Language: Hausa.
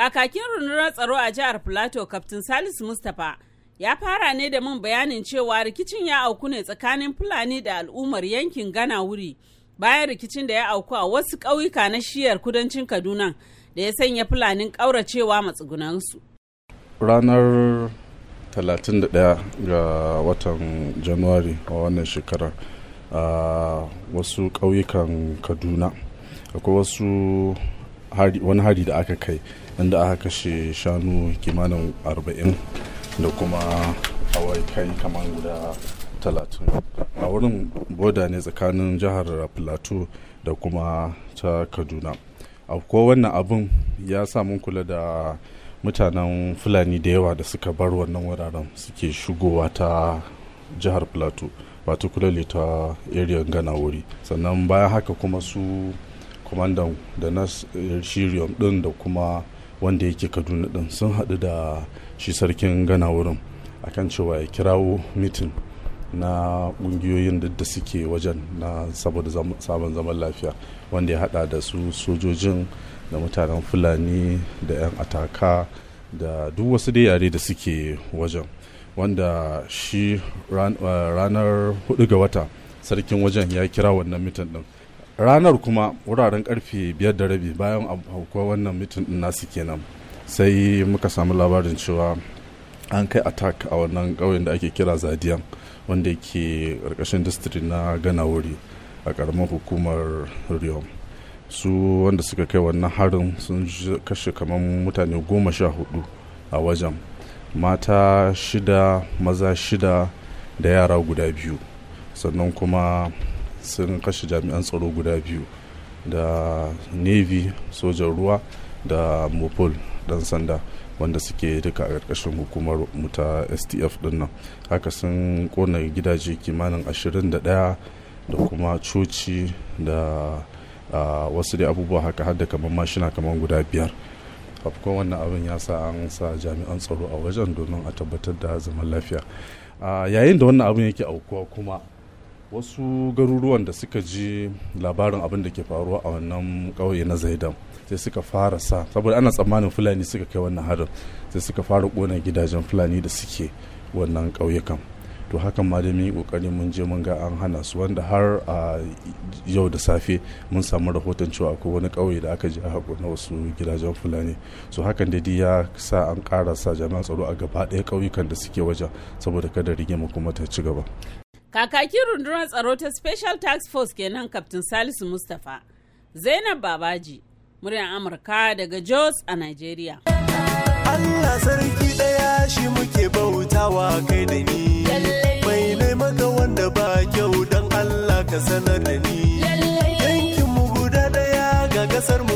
Kakakin rundunar tsaro a jihar Plateau, Kaftin Salisu Mustapha, ya fara ne da mun bayanin cewa rikicin ya auku ne tsakanin Fulani da al'ummar yankin Gana wuri bayan rikicin da ya auku a wasu ƙauyuka na shiyar kudancin Kaduna da ya sanya Fulanin ƙauracewa matsugunansu. Ranar 31 ga watan Januwari a wannan shekarar a wasu ƙauyukan Kaduna akwai wasu wani hari da aka kai inda aka kashe shanu kimanin arba'in da kuma awakai kamar guda talatin a wurin boda ne tsakanin jihar plateau da kuma ta kaduna ko wannan abin ya sa mun kula da mutanen fulani da yawa da suka bar wannan wuraren suke shigowa ta jihar plateau kula ta area gana wuri sannan bayan haka kuma su kwamandan da na shirium din da kuma wanda yake kaduna din sun haɗu da shi sarkin gana wurin a kan cewa ya kirawo mitin na ƙungiyoyin da suke wajen na saboda sabon zaman lafiya wanda ya haɗa da su sojojin da mutanen fulani da 'yan ataka da duk wasu da yare da suke wajen wanda shi eh, ranar 4 ga wata sarkin wajen ya kira wannan mitin din ranar kuma wuraren karfe biyar da rabi bayan aukuwa wannan mitin din nasu kenan sai muka samu labarin cewa an kai attack a wannan ƙauyen da ake kira zadiyan wanda ke ƙarƙashin district na gana wuri a ƙaramin hukumar riom su wanda suka kai wannan harin sun kashe kamar mutane goma sha hudu a wajen mata shida maza shida da yara guda biyu sannan kuma sun kashe jami'an tsaro guda biyu da navy sojan ruwa da mopol dan sanda wanda suke duka a ƙarƙashin hukumar muta stf dinnan nan haka sun kona gidaje kimanin 21 da kuma coci da wasu da abubuwa haka har da kamar mashina kamar guda biyar afko wannan abin ya sa an sa jami'an tsaro a wajen domin a tabbatar da zaman lafiya yayin da wannan abin yake aukuwa kuma wasu garuruwan da suka ji labarin abin da ke faruwa a wannan ƙauye na zaidan sai suka fara sa saboda ana tsammanin fulani suka kai wannan harin sai suka fara ƙona gidajen fulani da suke wannan ƙauyukan to hakan ma da mun yi kokari mun je mun ga an hana su wanda har a yau da safe mun samu rahoton cewa akwai wani kauye da aka je aka na wasu gidajen fulani so hakan da ya sa an ƙara sa jami'an tsaro a gaba ɗaya ƙauyukan da suke wajen saboda kada rigima kuma ta ci gaba Kakakin rundunar tsaro ta Special Task Force kenan Kaftin Salisu Mustapha. Zainab Babaji, muryar Amurka daga Jos a Nigeria. Allah sarki daya shi muke bautawa kai da ni. mai maka wanda ba kyau don Allah ka sanar da ni. Yankinmu guda ɗaya ga ƙasar